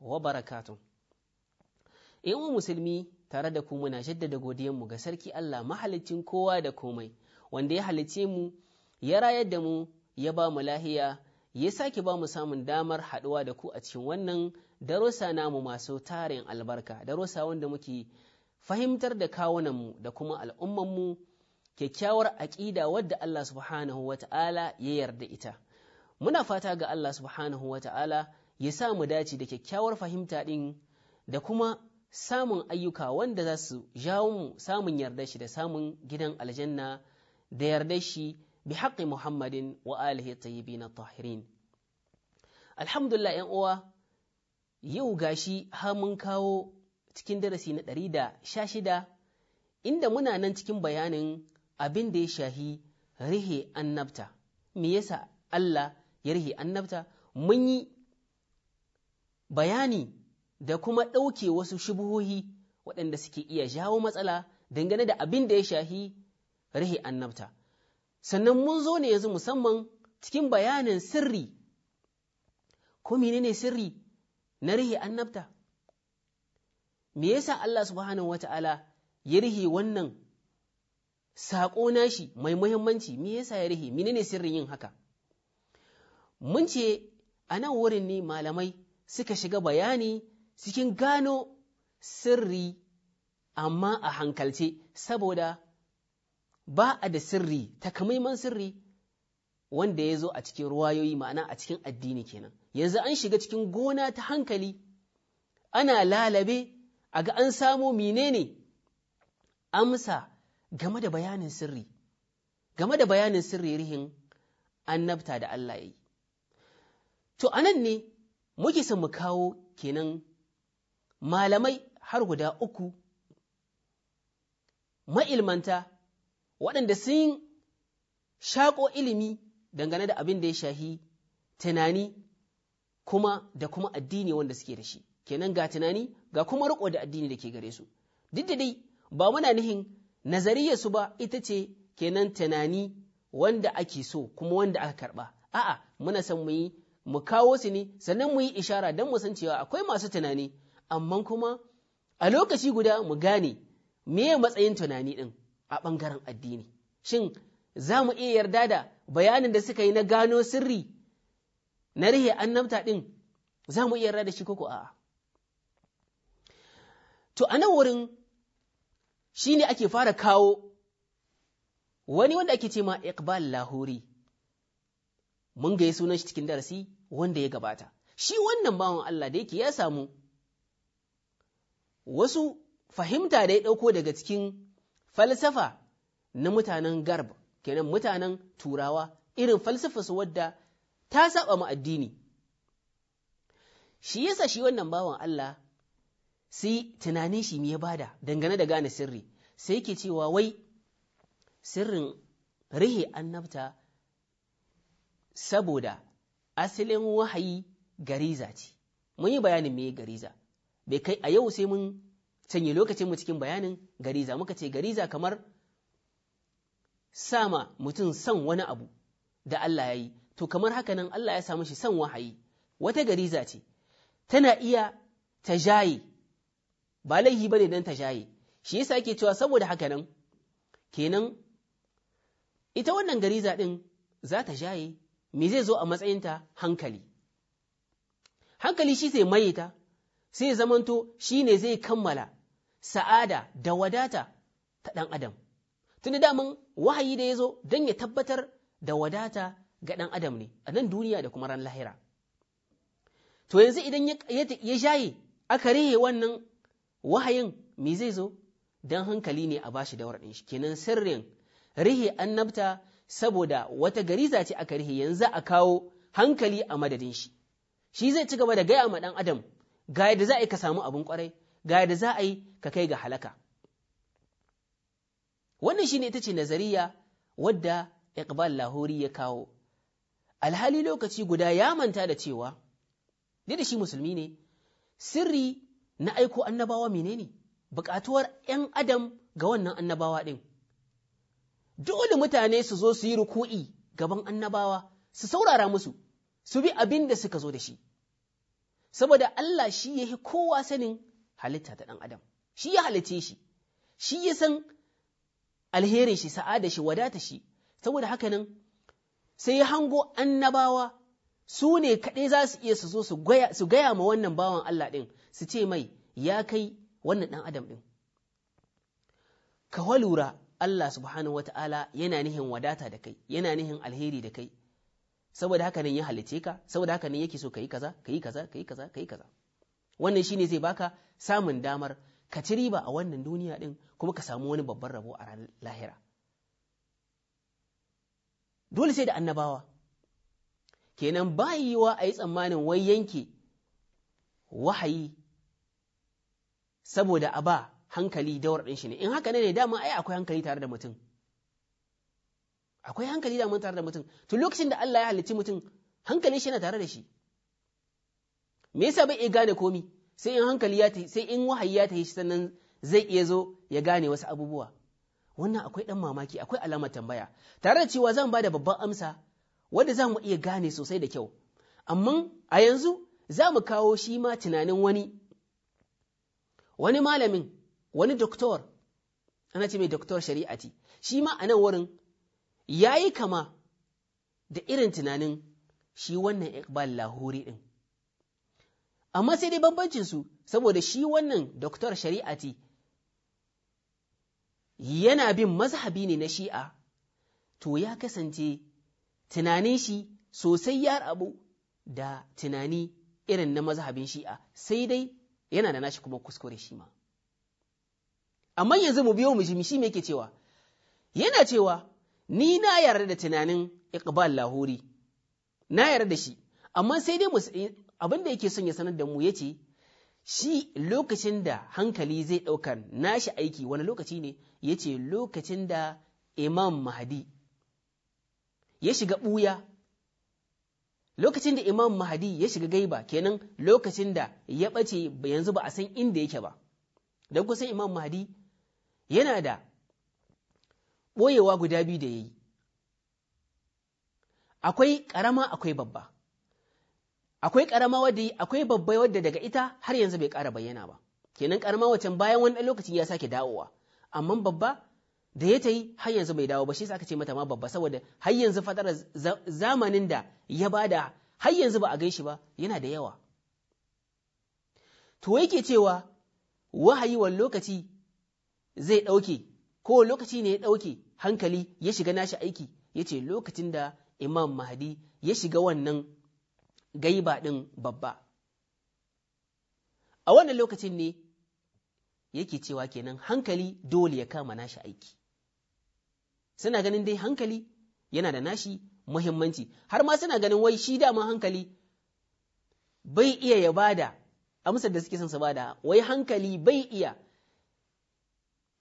wa barakatun yan musulmi tare da ku muna jaddada godiyanmu ga sarki Allah mahalicin kowa da komai wanda ya halicce mu ya rayar da mu ya ba mu lahiya ya sake ba mu samun damar haɗuwa da ku a cikin wannan darussa namu masu tarin albarka darussa wanda muke fahimtar da kawunan mu da kuma al'ummanmu kyakkyawar aƙida wadda Allah subhanahu wata'ala ya yarda ita muna fata ga Allah subhanahu wa ta'ala ya sa mu dace da kyakkyawar fahimta ɗin da kuma samun ayyuka wanda za su jawo mu samun yarda shi da samun gidan aljanna da yarda shi bi haƙƙi Muhammadin wa alihi na tahirin alhamdulillah ‘yan uwa yau gashi har mun kawo cikin darasi na ɗari da sha shida inda muna nan cikin bayanin abin da ya shahi rihe annabta me yasa Allah Yarihi annabta mun yi bayani da kuma ɗauke wasu shubuhohi waɗanda suke iya jawo matsala dangane da abin da ya shahi rihe annabta sannan mun zo ne yanzu musamman cikin bayanin sirri ko menene sirri na rihe annabta me yasa Allah subhanahu wata'ala ya rihe wannan saƙo nashi mai muhimmanci me yasa ya rihe menene sirrin yin haka mun ce a nan wurin ne malamai suka shiga bayani cikin gano sirri amma a hankalce saboda ba a da sirri takamaiman sirri wanda ya zo a cikin ruwayoyi ma'ana a cikin addini kenan yanzu an shiga cikin gona ta hankali ana lalabe a ga an samo menene amsa game da bayanin sirri game da bayanin sirri rihin annabta da Allah ya yi To, a nan ne muke son mu kawo kenan malamai har guda uku, ma'ilmanta waɗanda sun shaƙo ilimi dangane da abin da ya shahi tunani kuma da kuma addini wanda suke da shi, kenan ga tunani ga kuma riƙo da addini da ke gare su. Duk da dai ba muna nihin su ba ita ce kenan tunani wanda ake so kuma wanda aka karɓa. A'a, muna son mu yi mu kawo su ne sannan mu yi ishara don mu san cewa akwai masu tunani amma kuma a lokaci guda mu gane meye matsayin tunani ɗin a ɓangaren addini shin za mu iya yarda da bayanin da suka yi na gano sirri na rihe annabta ɗin za mu iya yarda da shi koko a to a nan wurin shi ne ake fara kawo wani wanda ake ce ma iqbal lahuri mun gaye sunan shi cikin darasi wanda ya gabata shi wannan bawan Allah da yake ya samu wasu fahimta da ya ɗauko daga cikin falsafa na mutanen garb kenan mutanen turawa irin falsafa su wadda ta saba mu addini shi yasa shi wannan bawan Allah sai tunanin shi ya bada dangane da gane sirri sai yake cewa wai sirrin rihe annabta saboda asalin wahayi gariza ce mun yi bayanin me gariza bai kai a yau sai mun canye lokacin mu cikin bayanin gariza muka ce gariza kamar sama mutum san wani abu da Allah ya yi to kamar haka nan Allah ya samu shi san wahayi wata gariza ce tana iya ta jaye ba laihi ne dan ta jaye shi yasa ake cewa saboda haka nan kenan ita wannan gariza din za ta jaye me zai zo a matsayinta hankali hankali shi sai mayeta sai zamanto shi ne zai kammala sa'ada da wadata ta ɗan adam tunda daman wahayi da ya zo don ya tabbatar da wadata ga ɗan adam ne a nan duniya da kuma ran lahira to yanzu idan ya jaye aka rihe wannan wahayin me zai zo don hankali ne a bashi dawar ɗin shi kenan sirrin rihe annabta saboda wata gariza ce aka rihe yanzu a kawo hankali a madadin shi shi zai ci gaba da gaya ma ɗan adam ga yadda za a yi ka samu abin kwarai ga yadda za a yi ka kai ga halaka wannan shi ne ita ce nazariya wadda iqbal lahori ya kawo alhali lokaci guda ya manta da cewa da shi musulmi ne sirri na aiko annabawa menene bukatuwar ‘yan adam ga wannan annabawa ɗin dole mutane su zo su yi ruku'i gaban annabawa su saurara musu su bi abin da suka zo da shi saboda Allah shi ya kowa sanin halitta ta ɗan adam shi ya halice shi shi ya san alherin shi sa'ada shi wadata shi saboda haka nan sai ya hango annabawa su ne kaɗai za su iya su zo su gaya ma wannan bawan Allah ɗin su ce mai ya kai wannan ɗan adam ɗin ka lura Allah subhanahu wa ta'ala yana nihin wadata da kai, yana nihin alheri da kai, saboda haka nan ya halice ka, saboda haka nan yake so ka kaza, ka yi kaza, ka kaza, ka kaza. Wannan shi ne zai baka samun damar ka ci riba a wannan duniya din. kuma ka samu wani babban rabo a ranar lahira. Dole sai da annabawa, kenan ba yiwa a yi tsammanin wai yanke wahayi saboda a ba hankali daura ɗin shi ne in haka ne ne dama ai akwai hankali tare da mutum akwai hankali dama tare da mutum to lokacin da Allah ya halicci mutum hankalin shi yana tare da shi me yasa bai iya gane komi sai in hankali ya ta sai in wahayi ya ta shi sannan zai iya zo ya gane wasu abubuwa wannan akwai ɗan mamaki akwai alamar tambaya tare da cewa zan ba da babban amsa wanda za mu iya gane sosai da kyau amma a yanzu za mu kawo shi ma tunanin wani wani malamin wani doktor ana ce mai doktor shari'ati shi ma a nan wurin ya yi kama da irin tunanin shi wannan iqbal lahuri ɗin amma sai dai su saboda shi wannan doktor shari'ati yana bin mazhabi ne na shi'a to ya kasance tunanin shi sosai ya rabu da tunani irin na mazhabin shi'a sai dai yana da nashi kuma kuskure shi ma amma yanzu mu biyo mu shi me yake cewa yana cewa ni na yarda da tunanin iqbal lahuri na yarda da shi amma sai dai mu abin da yake son ya sanar da mu yace shi lokacin da hankali zai ɗaukar nashi aiki wani lokaci ne yace lokacin da imam mahdi ya shiga buya? lokacin da imam mahdi ya shiga gaiba kenan lokacin da ya ɓace yanzu ba a san inda yake ba don kusa imam mahdi yana da ɓoyewa guda biyu da ya yi akwai ƙarama akwai babba akwai ƙarama wadda yi akwai babba wadda daga ita har yanzu bai ƙara bayyana ba kenan ƙarama wacan bayan wani lokaci ya sake dawowa amma babba da ya ta yi har yanzu bai dawo ba shi sa ce mata ma babba saboda har yanzu fatara zamanin da ya bada har yanzu ba a gan shi ba yana da yawa to yake cewa wahayi wani lokaci zai ɗauke ko lokaci ne ya ɗauke hankali ya shiga nashi aiki ya ce lokacin da imam mahdi ya shiga wannan gaiba ɗin babba a wannan lokacin ne yake cewa kenan hankali dole ya kama nashi aiki suna ganin dai hankali yana da nashi muhimmanci har ma suna ganin wai shi dama hankali bai iya ya bada amsar da suke son su bada wai hankali bai iya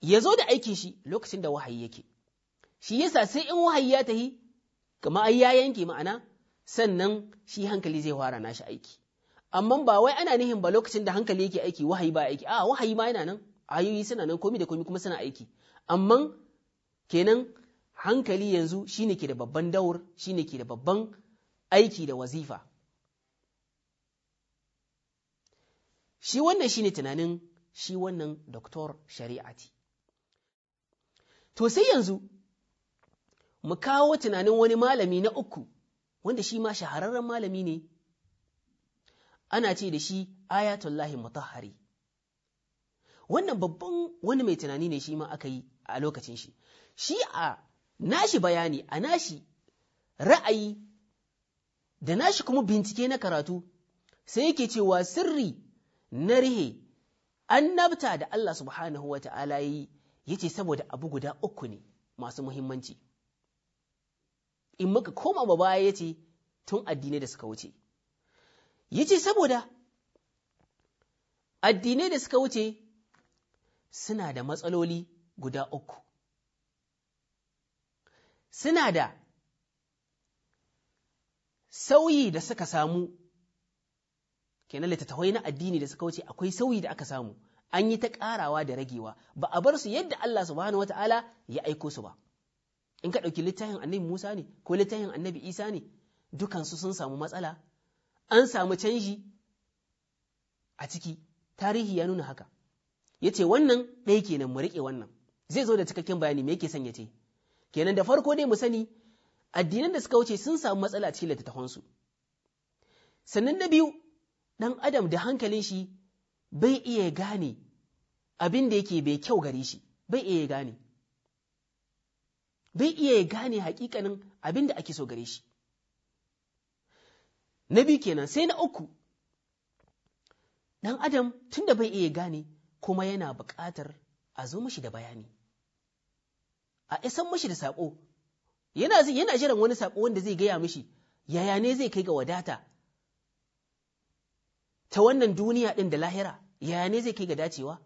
ya zo da aikin shi lokacin da wahayi yake shi yasa sai in wahayi ya tahi kama ai ya yanke ma'ana sannan shi hankali zai fara nashi aiki amma ba wai ana nihin ba lokacin da hankali yake aiki wahayi ba aiki a wahayi ma yana nan ayoyi suna nan komi da komi kuma suna aiki amma kenan hankali yanzu shine ke da babban daur shine ke da babban aiki da wazifa shi wannan shine tunanin shi wannan doktor shari'ati To sai yanzu, mu kawo tunanin wani malami na uku, wanda shi ma shahararren malami ne, ana ce da shi ayatullahi mutahari. Wannan babban wani mai tunani ne shi ma aka yi a lokacin shi, shi a nashi bayani, a nashi ra'ayi, da nashi kuma bincike na karatu, sai yake cewa sirri na rihe an nabta da Allah subhanahu wa ta'ala yi yace saboda abu guda uku ne masu muhimmanci in muka koma ba baya yace tun addinai da suka wuce yace saboda addinai da suka wuce suna da matsaloli guda uku suna da sauyi da suka samu kenan littattafai na addini da suka wuce akwai sauyi da aka samu an yi ta ƙarawa da ragewa ba a bar su yadda Allah subhanahu wata'ala ya aiko su ba in ka ɗauki littafin annabi Musa ne ko littafin annabi Isa ne dukansu sun samu matsala an samu canji a ciki tarihi ya nuna haka ya ce wannan ɗaya kenan mu riƙe wannan zai zo da cikakken bayani me yake son ya ce kenan da farko ne mu sani addinan da suka wuce sun samu matsala a cikin littattafansu sannan na biyu ɗan adam da hankalin shi bai iya gane abin da yake bai kyau gare shi bai iya gane bai iya gane hakikanin abin da ake so gare shi na biyu kenan sai na uku Dan adam tunda bai iya gane kuma yana buƙatar a zo mashi da bayani a isan mashi da saƙo yana jiran wani saƙo wanda zai gaya mishi yaya ne zai kai ga wadata ta wannan duniya ɗin da lahira yaya ne zai kai ga dacewa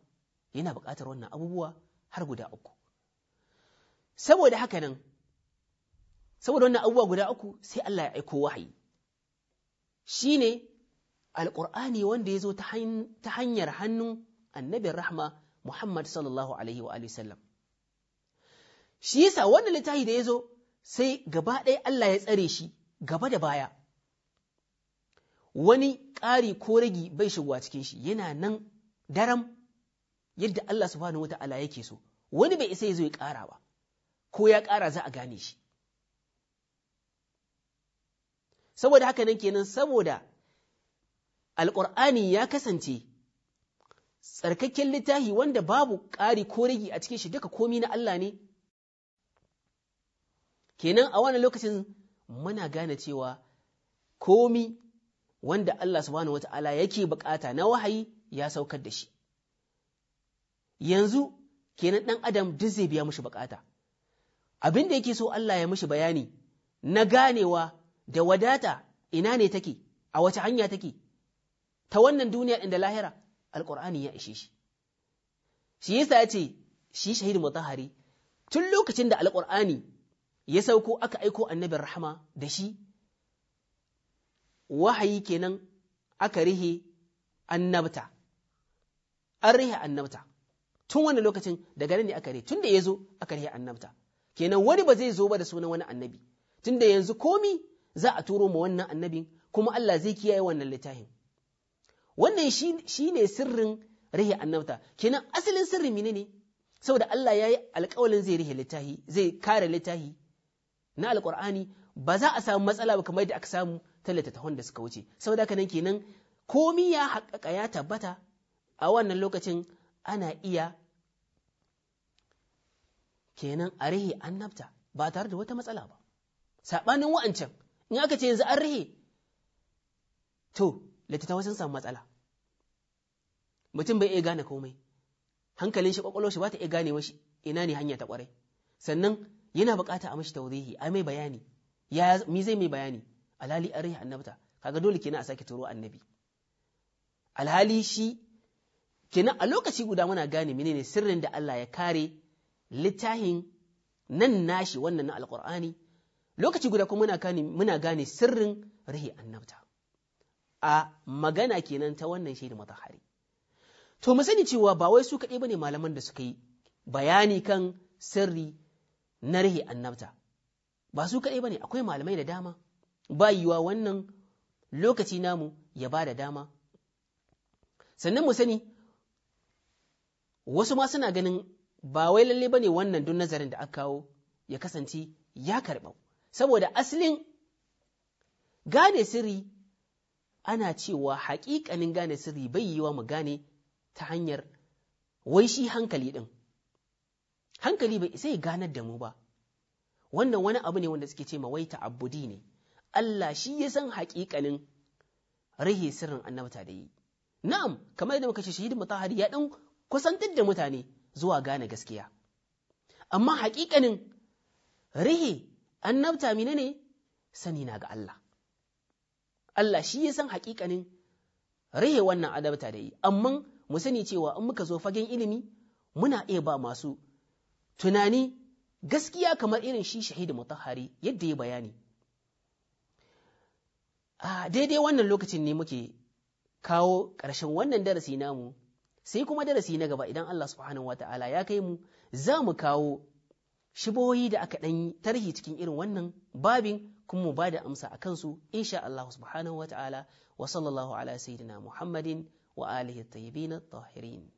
yana buƙatar wannan abubuwa har guda uku saboda haka nan saboda wannan abubuwa guda uku sai Allah ya aiko wahayi shine alƙur'ani wanda ya zo ta hanyar hannun annabin rahma Muhammad sallallahu alaihi wa sallam shi yasa wannan littafi da ya zo sai gaba ɗaya Allah ya tsare shi gaba da baya wani ƙari ko ragi bai shigo a cikin shi yana nan daram yadda Allah subhanahu wata'ala yake so wani bai isa ya zo ya ƙara ba ko ya ƙara za a gane shi saboda haka nan kenan saboda alƙur'ani ya kasance tsarkakken littafi wanda babu ƙari ko ragi a cikin shi duka komi na Allah ne kenan a wannan lokacin muna gane cewa komi wanda Allah subhanahu wata'ala yake bukata na wahayi ya saukar da shi yanzu kenan ɗan adam duk zai biya mushi bukata abin da yake so Allah ya mushi bayani na ganewa da wadata ina ne take a wace hanya take ta wannan duniya da lahira alkur'ani ya ishe shi shi yasa ya ce shi shahid mutahari tun lokacin da alkur'ani ya sauko aka aiko annabin rahama da shi wahayi kenan aka rihe annabta an rihe annabta tun wani lokacin daga nan ne aka rihe tun da ya zo aka rihe annabta kenan wani ba zai zo ba da sunan wani annabi tun da yanzu komi za a turo ma wannan annabin kuma Allah zai kiyaye wannan littafin wannan shi ne sirrin rihe annabta kenan asalin sirri mine ne saboda Allah ya yi alkawalin zai rihe littafi zai kare littafi na alkur'ani ba za a samu matsala ba kamar da aka samu ta littattafan da suka wuce sau da nan kenan komi ya haƙaƙa ya tabbata a wannan lokacin ana iya kenan a rihe annabta ba tare da wata matsala ba saɓanin wa'ancan in aka ce yanzu an rihe to littattafai sun samu matsala mutum bai iya gane komai hankalin shi kwakwalwar shi ba ta iya gane shi ina ne hanya ta ƙwarai. sannan yana bukata a mashi taurihi a mai bayani ya mi zai mai bayani alhali an rihe annabta kaga dole kenan a sake turo annabi alhali shi kenan a lokaci guda muna gane menene sirrin da Allah ya kare littafin nan nashi wannan na alqur'ani lokaci guda kuma muna gane muna gane sirrin rihe annabta a magana kenan ta wannan shaida mutahari to mu sani cewa ba wai su kaɗai bane malaman da suka yi bayani kan sirri na rihe annabta ba su kaɗai bane akwai malamai da dama ba yiwa wannan lokaci namu ya ba da dama sannan mu sani wasu ma suna ganin ba wai lalle ba ne wannan don nazarin da aka kawo ya kasance ya karɓa saboda asalin gane sirri ana cewa haƙiƙanin gane sirri bai yiwa mu gane ta hanyar wai shi hankali ɗin hankali bai isa ya ganar da mu ba wannan wani abu ne wanda suke ce ma wai ta'abbudi ne Allah shi ya san haƙiƙanin rahe sirrin annabta da yi na'am kamar yadda muka ce shahidin mutahari ya ɗan kusantar da mutane zuwa gane gaskiya amma haƙiƙanin rahe annabta mine ne sani na ga Allah Allah shi ya san haƙiƙanin rahe wannan annabta da yi amma mu sani cewa in muka zo fagen ilimi muna iya ba masu tunani gaskiya kamar irin shi shahidin mutahari yadda ya bayani a daidai wannan lokacin ne muke kawo ƙarshen wannan darasi namu sai kuma darasi na gaba idan Allah subhanahu wa ta'ala ya kai mu za mu kawo shibohi da aka ɗan tarhi cikin irin wannan babin kuma mu ba da amsa a kansu insha Allah subhanahu wa ta'ala wa sallallahu ala sayyidina Muhammadin wa alihi tayyibin tahirin